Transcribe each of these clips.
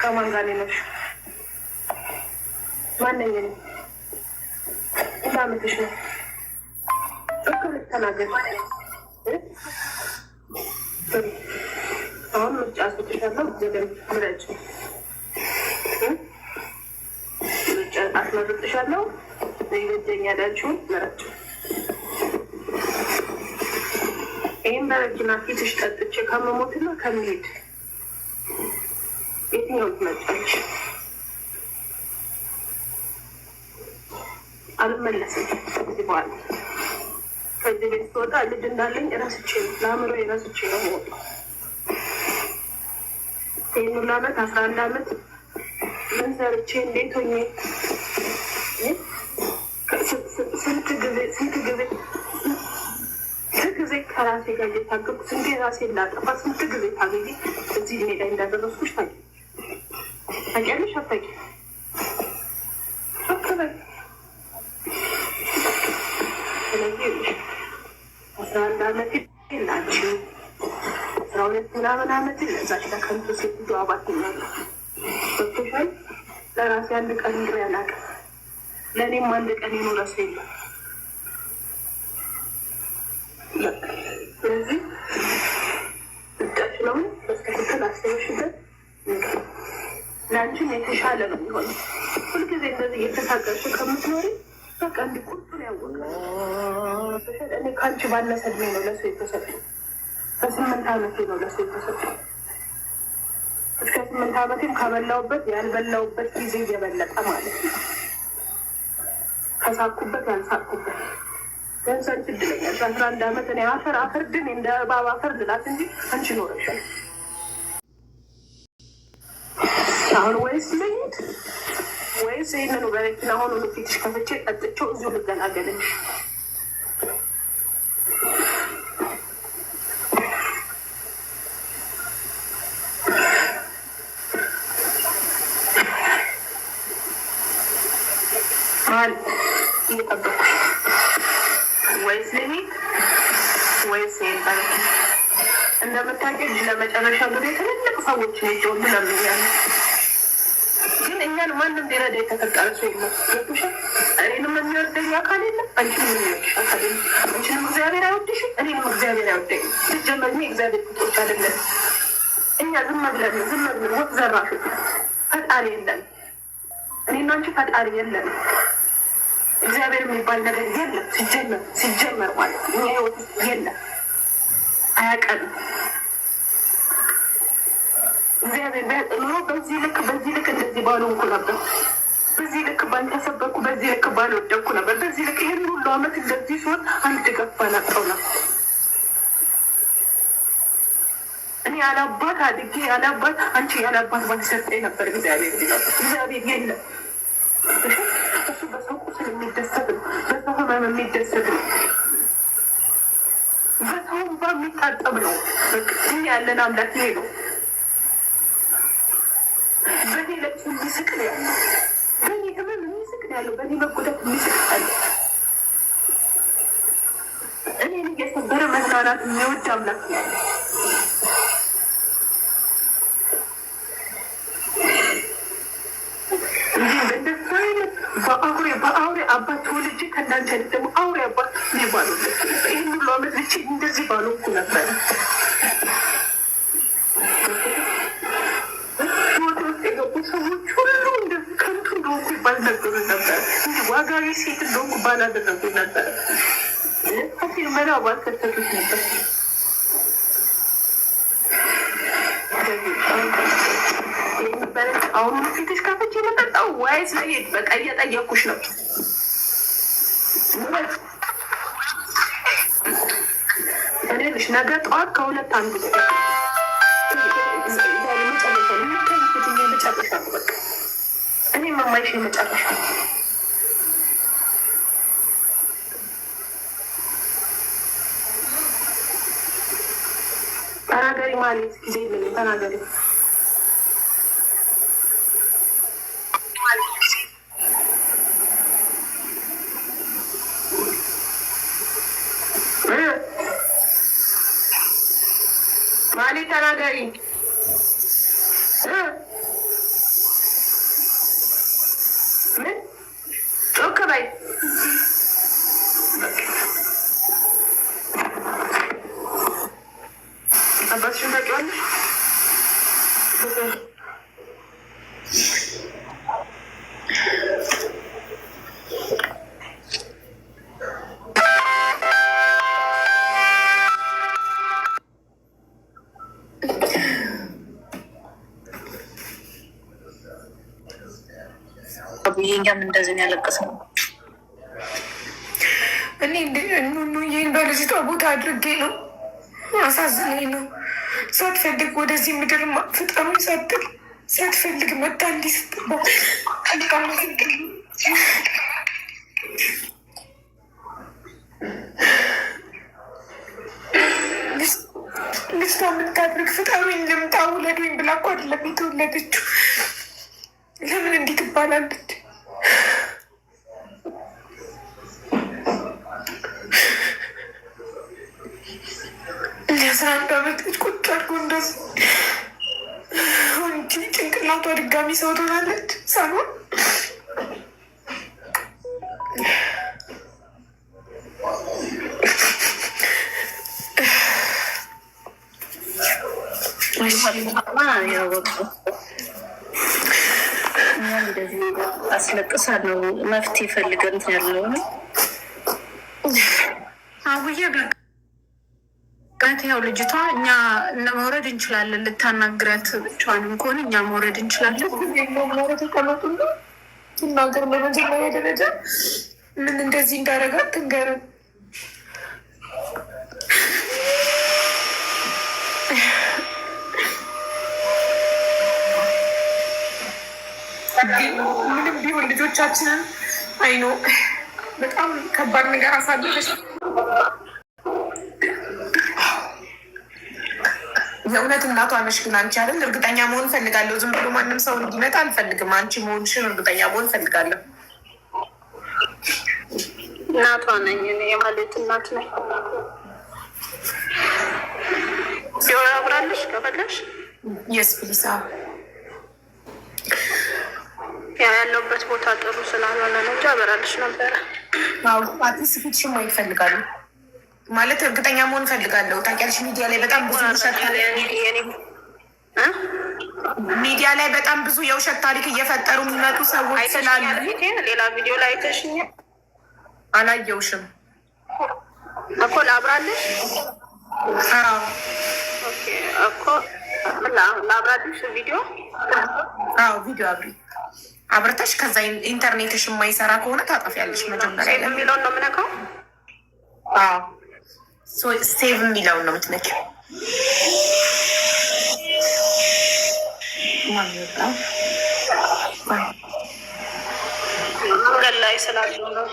ከማን ጋር ነው ነው? እኩል ተናገር። አሁን ምርጫ ፊትሽ ጠጥቼ ከመሞትና ከሚሄድ ልጅ እንዳለኝ ራስቼ ነው ለአእምሮ ረስቼ ነው ወጣ። ይህን ሁሉ አመት አስራ አንድ አመት ምን ሰርቼ እንዴት ሆኜ ስንት ጊዜ ስንት ጊዜ ስንት ጊዜ ከራሴ ጋር እየታገልኩ ስንቴ ራሴ እንዳጠፋ ስንት ጊዜ ታገኝ እዚህ ሜዳ እንዳደረስኩች ታ ታውቂያለሽ አታውቂም? ምናምን አመት ዛች ለከንቱ ሴት ብዙ አባትኛለ ወቶሻል ለራሴ አንድ ቀን ኑሮ ያላቀ ለእኔም አንድ ቀን የኖረ ሰው የለም። ስለዚህ ምጣችለውን በስተክክል አስተበሽበት ለአንቺም የተሻለ ነው የሚሆነው። ሁልጊዜ እንደዚህ እየተሳቀሽ ከምትኖሪ በቃ እንዲቁጡን ያወቃል። እኔ ከአንቺ ባነሰ እድሜ ነው ለሰው የተሰጡ በስምንት ዓመቴ ነው ለሱ የተሰጠው። እስከ ስምንት ዓመቴም ከበላውበት ያልበላውበት ጊዜ እየበለጠ ማለት ነው። ከሳቅኩበት ያልሳቅኩበት ገንዘብ ድለኛል። በአስራ አንድ ዓመት እኔ አፈር አፈር ድን እንደ እባብ አፈር ልላት እንጂ አንቺ ኖረሻል። አሁን ወይስ ልኝት ወይስ ይህንኑ በረኪና ሆኖ ፊትሽ ከፍቼ ጠጥቼው እዚሁ ልገላገልልሽ ሰዎች ሄደው ያለ ግን እኛን ማንም ቢረዳ የተፈጠረ ሰው የለም። ገብቶሻል? እኔንም የሚወደኝ አካል የለም። አንቺንም የሚወድሽ አካል የለም። አንቺንም እግዚአብሔር አይወድሽም፣ እኔንም እግዚአብሔር አይወደኝ። ሲጀመር እኔ እግዚአብሔር ቁጦች አይደለም። እኛ ዝም ብለን ዝም ብለን ወቅ ዘራሽ ፈጣሪ የለም። እኔና አንቺ ፈጣሪ የለም። እግዚአብሔር የሚባል ነገር የለም። ሲጀመር ሲጀመር ማለት እኛ ህይወት የለም። አያቀንም እግዚአብሔር ኖሮ በዚህ ልክ በዚህ ልክ እንደዚህ ባልሆንኩ ነበር፣ በዚህ ልክ ባልተሰበርኩ፣ በዚህ ልክ ባልወደኩ ነበር፣ በዚህ ልክ ይህን ሁሉ አመት እንደዚህ ሲሆን አንድ ገባ ናጠው ነበር። እኔ ያለአባት አድጌ ያለአባት አንቺ ያለአባት ባልሰጠኝ ነበር እግዚአብሔር እግዚአብሔር የለም እሱ በሰው ቁስል የሚደሰት ነው፣ በሰው ህመም የሚደሰት ነው፣ በሰው እንባ ነው። እኛ ያለን አምላክ ይሄ ነው። ያለው በእኔ ህመም የሚስቅ ያለው በእኔ መጎዳት የሚስቅ ያለ እኔን እየሰበረ መዝናናት የሚወድ አምላክ ያለ በአውሬ በአውሬ አባት ተወልጄ ከእናንተ ደግሞ አውሬ አባት ባሉለት ይህን ሁሉ አመት ልቼ እንደዚህ ባልኩ ነበር። አልነገሩን ነበር። ዋጋ ሴት እንደሆንኩ ባል አደረጉኝ ነበር። ምርመራ ባልከተቱት ነበር። አሁን ፊትሽ ከፍቼ የመጠጣው ወይስ ለሄድ በቃ እየጠየኩሽ ነው። እኔ ልሽ ነገ ጠዋት ከሁለት አንዱ ሁሌም የማይሽ የመጨረሻ ተናገሪ ማለት ጊዜ ምን ተናገሪ ማለት ተናገሪ ለምን እንደዚህ ነው ያለቀሰው? ይህን በልጅቷ ቦታ አድርጌ ነው አሳዝነኝ ነው ሳትፈልግ ወደዚህ ምድር ፍጠሩ ሳትል ሳትፈልግ መታ እንዲስትባት ልጅቷ የምታድርግ ፍጠሩኝ ልምጣ ውለዱኝ ብላ እኮ አይደለም የተወለደችው። ለምን እንዲህ ትባላለች? ወንድም እንጂ ጭንቅላቷ ድጋሚ ሰው ትሆናለች። ሳሎን አስለቅሳ ነው መፍትሄ ፈልገን ያለው አውየ ምክንያት ያው ልጅቷ እኛ መውረድ እንችላለን። ልታናግራት ብቻዋንም ከሆነ እኛ መውረድ እንችላለን። መውረድ ደረጃ ምን እንደዚህ እንዳደረጋት ትንገርን። ምንም ቢሆን ልጆቻችንን አይኖ በጣም ከባድ ነገር አሳልፈሽ እውነት እናቷ አመሽግን አንቺ አይደል? እርግጠኛ መሆን ፈልጋለሁ። ዝም ብሎ ማንም ሰው እንዲመጣ አልፈልግም። አንቺ መሆንሽን እርግጠኛ መሆን ፈልጋለሁ። እናቷ ነኝ እኔ የማለት እናት ነኝ። ሲሆን አብራለሽ ከፈለሽ የስ ፕሊስ ያለውበት ቦታ ጥሩ ስላልሆነ ነው እንጂ አበራለሽ ነበረ። አትስፊትሽም ወይ ይፈልጋሉ ማለት እርግጠኛ መሆን ፈልጋለሁ። ታውቂያለሽ ሚዲያ ላይ በጣም ብዙ ሚዲያ ላይ በጣም ብዙ የውሸት ታሪክ እየፈጠሩ የሚመጡ ሰዎች ስላሉ ሌላ ቪዲዮ ላይ አይተሽኝ አላየውሽም እኮ ላብራለሽ እኮ ላብራልሽ ቪዲዮ አዎ ቪዲዮ አብሪ አብርተሽ ከዛ ኢንተርኔትሽ የማይሰራ ከሆነ ታጠፊያለሽ መጀመሪያ የሚለውን ነው የምነካው አዎ ሴቭ የሚለውን ነው የምትነኪው። መንገድ ላይ ስላሉ ነው።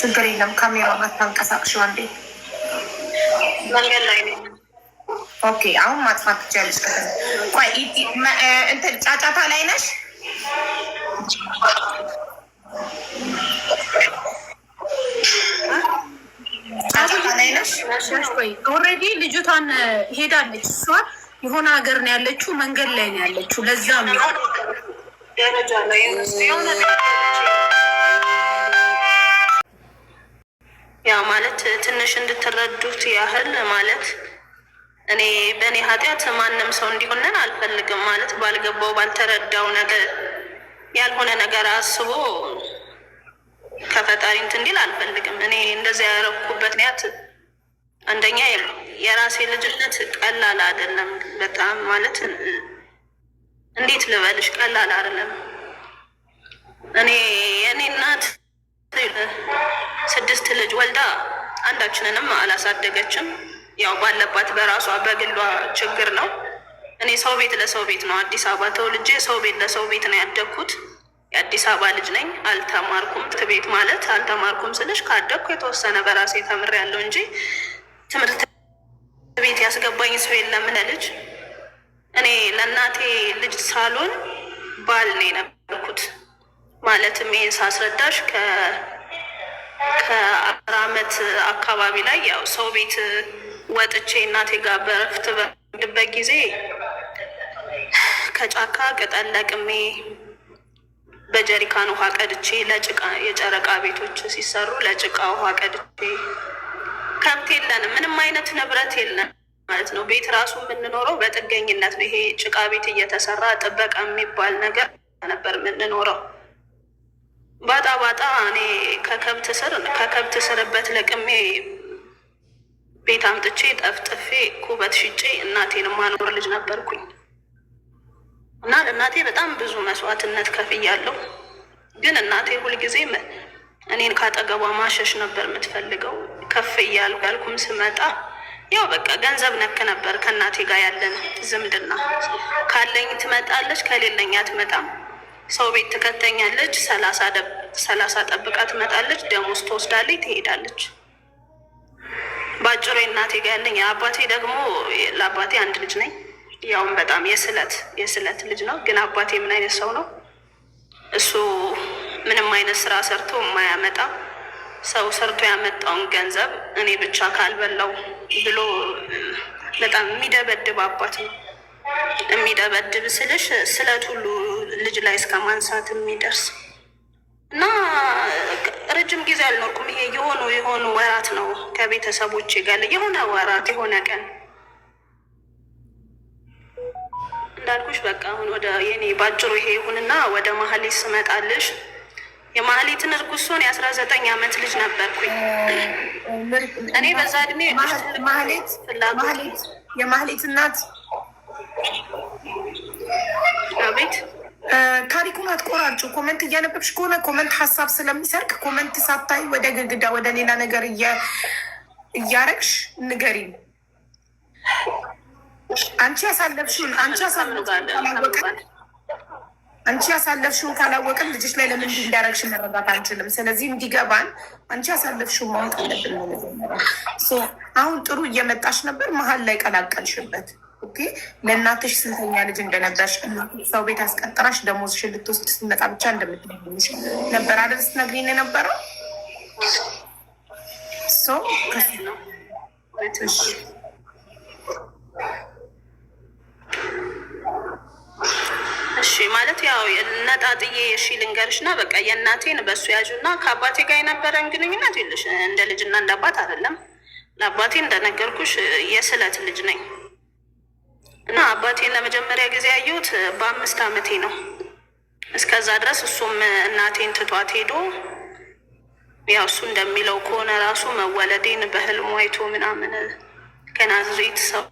ችግር የለም። ካሜራ አታንቀሳቅሺው። አንዴ መንገድ ላይ ኦኬ፣ አሁን ማጥፋት ትችያለሽ። ጫጫታ ላይ ነሽ ኦልሬዲ ልጅቷን ሄዳለች። እሷ የሆነ ሀገር ነው ያለችው፣ መንገድ ላይ ነው ያለችው። ለዛ ያ ማለት ትንሽ እንድትረዱት ያህል ማለት እኔ በእኔ ኃጢአት ማንም ሰው እንዲሆንን አልፈልግም። ማለት ባልገባው ባልተረዳው ነገር ያልሆነ ነገር አስቦ ከፈጣሪ እንትን እንዲል አልፈልግም። እኔ እንደዚያ ያረኩበት ምክንያት አንደኛ የራሴ ልጅነት ቀላል አይደለም። በጣም ማለት እንዴት ልበልሽ፣ ቀላል አይደለም። እኔ የእኔ እናት ስድስት ልጅ ወልዳ አንዳችንንም አላሳደገችም። ያው ባለባት በራሷ በግሏ ችግር ነው። እኔ ሰው ቤት ለሰው ቤት ነው አዲስ አበባ ተወልጄ ሰው ቤት ለሰው ቤት ነው ያደግኩት። የአዲስ አበባ ልጅ ነኝ። አልተማርኩም። ትቤት ማለት አልተማርኩም ስልሽ ካደግኩ የተወሰነ በራሴ ተምሬያለሁ እንጂ ትምህርት ቤት ያስገባኝ ሰው የለም ለልጅ እኔ ለእናቴ ልጅ ሳሎን ባል ነው የነበርኩት። ማለትም ይህን ሳስረዳሽ ከአስር አመት አካባቢ ላይ ያው ሰው ቤት ወጥቼ እናቴ ጋር በረፍት በምድበት ጊዜ ከጫካ ቅጠል ለቅሜ በጀሪካን ውሃ ቀድቼ ለጭቃ የጨረቃ ቤቶች ሲሰሩ ለጭቃ ውሃ ቀድቼ ከብት የለንም፣ ምንም አይነት ንብረት የለን ማለት ነው። ቤት ራሱ የምንኖረው በጥገኝነት ነው። ይሄ ጭቃ ቤት እየተሰራ ጥበቃ የሚባል ነገር ነበር የምንኖረው። ባጣ ባጣ እኔ ከከብት ስር ከከብት ስርበት ለቅሜ ቤት አምጥቼ ጠፍጥፌ ኩበት ሽጬ እናቴን ማኖር ልጅ ነበርኩኝ እና ለእናቴ በጣም ብዙ መስዋዕትነት ከፍያለሁ። ግን እናቴ ሁልጊዜ እኔን ካጠገቧ ማሸሽ ነበር የምትፈልገው። ከፍ እያልኩ ያልኩም ስመጣ ያው በቃ ገንዘብ ነክ ነበር ከእናቴ ጋር ያለን ዝምድና። ካለኝ ትመጣለች፣ ከሌለኝ አትመጣም። ሰው ቤት ትከተኛለች፣ ሰላሳ ጠብቃ ትመጣለች፣ ደሞዝ ትወስዳለች፣ ትሄዳለች። በአጭሩ እናቴ ጋር ያለኝ አባቴ ደግሞ ለአባቴ አንድ ልጅ ነኝ። ያውም በጣም የስለት የስለት ልጅ ነው። ግን አባቴ ምን አይነት ሰው ነው እሱ ምንም አይነት ስራ ሰርቶ የማያመጣ ሰው ሰርቶ ያመጣውን ገንዘብ እኔ ብቻ ካልበላው ብሎ በጣም የሚደበድብ አባት ነው። የሚደበድብ ስልሽ ስለት ሁሉ ልጅ ላይ እስከ ማንሳት የሚደርስ እና ረጅም ጊዜ አልኖርኩም። ይሄ የሆኑ የሆኑ ወራት ነው ከቤተሰቦች ጋር የሆነ ወራት የሆነ ቀን እንዳልኩሽ በቃ አሁን ወደ የኔ ባጭሩ ይሄ ይሁንና ወደ መሀል ስመጣልሽ የማህሌትን እርጉሱን የአስራ ዘጠኝ አመት ልጅ ነበርኩኝ እኔ በዛ እድሜ የማህሌት እናት ቤት ታሪኩን አትቆራጩ። ኮመንት እያነበብሽ ከሆነ ኮመንት ሀሳብ ስለሚሰርቅ ኮመንት ሳታይ ወደ ግድግዳ ወደ ሌላ ነገር እያረግሽ ንገሪ። አንቺ ያሳለፍሽውን አንቺ ያሳለፍሽውን አንቺ ያሳለፍሽውን ካላወቅን ልጅሽ ላይ ለምን እንዲህ መረዳት አንችልም። ስለዚህ እንዲገባን አንቺ ያሳለፍሽውን ማወቅ አለብን። አሁን ጥሩ እየመጣሽ ነበር፣ መሀል ላይ ቀላቀልሽበት። ለእናትሽ ስንተኛ ልጅ እንደነበርሽ ሰው ቤት አስቀጥራሽ ደሞዝሽን ልትወስድ ስትመጣ ብቻ እንደምትሽ ነበር አይደል ስትነግሪኝ የነበረው ሶ እሺ ማለት ያው ነጣጥዬ እሺ ና በቃ የእናቴን በእሱ ና ከአባቴ ጋር የነበረን ግንኙነት ይልሽ እንደ ልጅና እንደ አባት አይደለም። ለአባቴ እንደነገርኩሽ የስለት ልጅ ነኝ እና አባቴን ለመጀመሪያ ጊዜ ያየሁት በአምስት ዓመቴ ነው። እስከዛ ድረስ እሱም እናቴን ትቷት ሄዶ ያው እሱ እንደሚለው ከሆነ ራሱ መወለዴን በህልሙ አይቶ ምናምን ከናዝሬት ሰው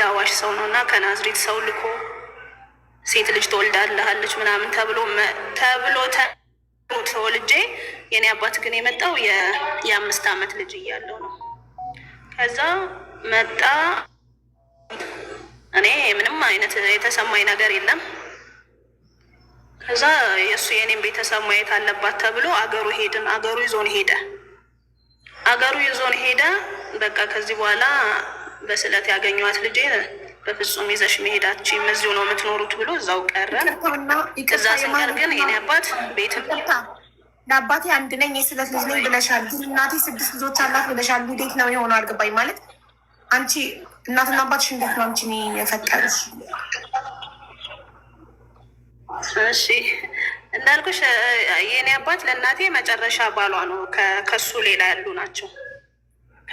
የአዋሽ ሰው ነው እና ከናዝሬት ሰው ልኮ ሴት ልጅ ትወልዳለሃለች ምናምን ተብሎ ተብሎ ተወልጄ የኔ አባት ግን የመጣው የአምስት አመት ልጅ እያለው ነው። ከዛ መጣ። እኔ ምንም አይነት የተሰማኝ ነገር የለም። ከዛ የእሱ የኔም ቤተሰብ ማየት አለባት ተብሎ አገሩ ሄድን። አገሩ ይዞን ሄደ። አገሩ ይዞን ሄደ። በቃ ከዚህ በኋላ በስለት ያገኘዋት ልጄ በፍጹም ይዘሽ መሄዳች እዚሁ ነው የምትኖሩት ብሎ እዛው ቀረ። እዛ ስንቀር ግን የኔ አባት ቤት ለአባቴ አንድ ነኝ የስለት ልጅ ነኝ ብለሻል። ግን እናቴ ስድስት ልጆች አላት ብለሻል። እንዴት ነው የሆነው አልገባኝ። ማለት አንቺ እናትና አባትሽ እንዴት ነው አንቺን የፈጠሩሽ? እሺ እንዳልኩሽ የእኔ አባት ለእናቴ መጨረሻ ባሏ ነው። ከሱ ሌላ ያሉ ናቸው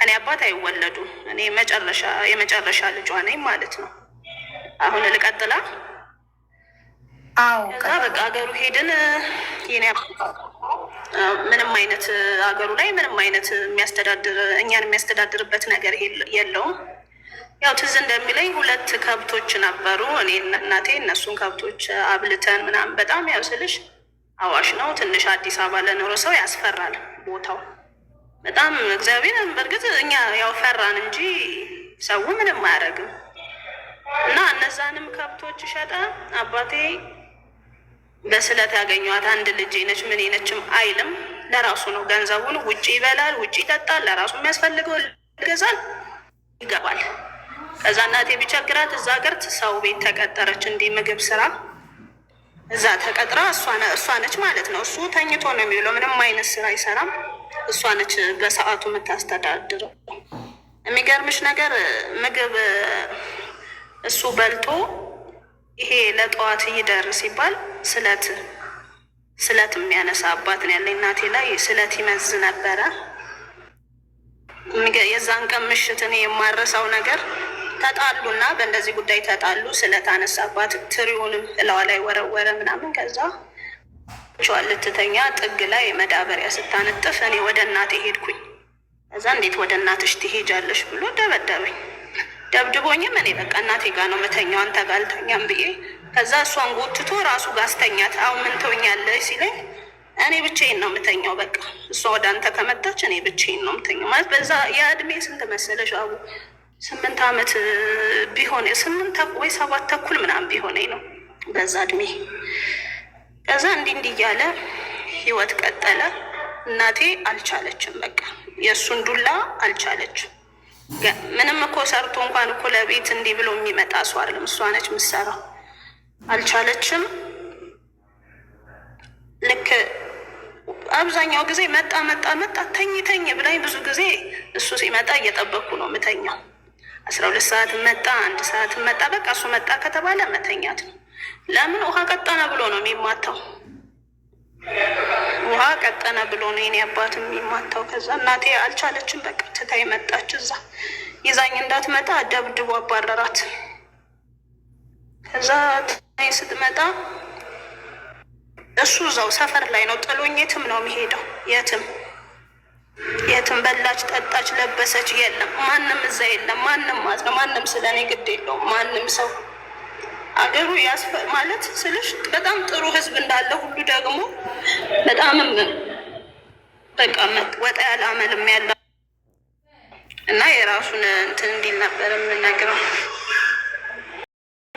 እኔ አባት አይወለዱም። እኔ መጨረሻ የመጨረሻ ልጇ ነኝ ማለት ነው። አሁን ልቀጥላ። አዎ ከዛ በቃ ሀገሩ ሄድን። የኔ ምንም አይነት ሀገሩ ላይ ምንም አይነት የሚያስተዳድር እኛን የሚያስተዳድርበት ነገር የለውም። ያው ትዝ እንደሚለኝ ሁለት ከብቶች ነበሩ፣ እኔ እናቴ እነሱን ከብቶች አብልተን ምናምን። በጣም ያው ስልሽ አዋሽ ነው ትንሽ አዲስ አበባ ለኖረ ሰው ያስፈራል ቦታው በጣም እግዚአብሔር በእርግጥ እኛ ያው ፈራን እንጂ ሰው ምንም አያደርግም። እና እነዛንም ከብቶች ሸጠ። አባቴ በስለት ያገኘዋት አንድ ልጅ ነች፣ ምን ነችም አይልም። ለራሱ ነው ገንዘቡን፣ ውጭ ይበላል፣ ውጭ ይጠጣል፣ ለራሱ የሚያስፈልገው ይገዛል፣ ይገባል። ከዛ እናቴ ቢቸግራት እዛ ሀገር ሰው ቤት ተቀጠረች፣ እንዲህ ምግብ ስራ እዛ ተቀጥራ እሷ ነች ማለት ነው። እሱ ተኝቶ ነው የሚውለው፣ ምንም አይነት ስራ አይሰራም። እሷ ነች በሰዓቱ የምታስተዳድረው። የሚገርምሽ ነገር ምግብ እሱ በልቶ ይሄ ለጠዋት ይደር ሲባል ስለት ስለት የሚያነሳ አባት ነው ያለኝ። እናቴ ላይ ስለት ይመዝ ነበረ። የዛን ቀን ምሽት እኔ የማረሳው ነገር ተጣሉና በእንደዚህ ጉዳይ ተጣሉ። ስለታነሳባት ትሪውንም እላዋ ላይ ወረወረ ምናምን ከዛ ቸዋ ልትተኛ ጥግ ላይ መዳበሪያ ስታነጥፍ እኔ ወደ እናቴ ሄድኩኝ። ከዛ እንዴት ወደ እናትሽ ትሄጃለሽ ብሎ ደበደበኝ። ደብድቦኝም እኔ በቃ እናቴ ጋ ነው መተኛው አንተ ጋ አልተኛም ብዬ ከዛ እሷን ጎትቶ ራሱ ጋር አስተኛት። አሁን ምን ትሆኛለሽ ሲለኝ እኔ ብቻዬን ነው የምተኛው። በቃ እሷ ወደ አንተ ከመጣች እኔ ብቻዬን ነው የምተኛው ማለት በዛ የእድሜ ስንት መሰለሽ አቡ ስምንት ዓመት ቢሆን ስምንት ወይ ሰባት ተኩል ምናምን ቢሆነኝ ነው በዛ እድሜ። ከዛ እንዲህ እንዲህ እያለ ህይወት ቀጠለ። እናቴ አልቻለችም፣ በቃ የእሱን ዱላ አልቻለችም። ምንም እኮ ሰርቶ እንኳን እኮ ለቤት እንዲህ ብሎ የሚመጣ ሰው አይደለም። እሷ ነች የምትሰራው። አልቻለችም። ልክ አብዛኛው ጊዜ መጣ መጣ መጣ ተኝ ተኝ ብላኝ ብዙ ጊዜ እሱ ሲመጣ እየጠበቅኩ ነው ምተኛው። አስራ ሁለት ሰዓት መጣ፣ አንድ ሰዓት መጣ። በቃ እሱ መጣ ከተባለ መተኛት ነው። ለምን ውሃ ቀጠነ ብሎ ነው የሚማታው። ውሃ ቀጠነ ብሎ ነው የኔ አባት የሚማታው። ከዛ እናቴ አልቻለችም። በቃ ትታ መጣች። እዛ ይዛኝ እንዳትመጣ ደብድቦ አባረራት። ከዛ ትታ ስትመጣ እሱ እዛው ሰፈር ላይ ነው ጥሎኝ የትም ነው የሚሄደው የትም የትም በላች፣ ጠጣች፣ ለበሰች የለም። ማንም እዛ የለም። ማንም ማዝነ ማንም ስለ እኔ ግድ የለውም። ማንም ሰው አገሩ ያስፈ ማለት ስልሽ በጣም ጥሩ ህዝብ እንዳለ ሁሉ ደግሞ በጣምም በቃ ወጣ ያለ አመልም ያለ እና የራሱን እንትን እንዲል ነበር የምነግረው።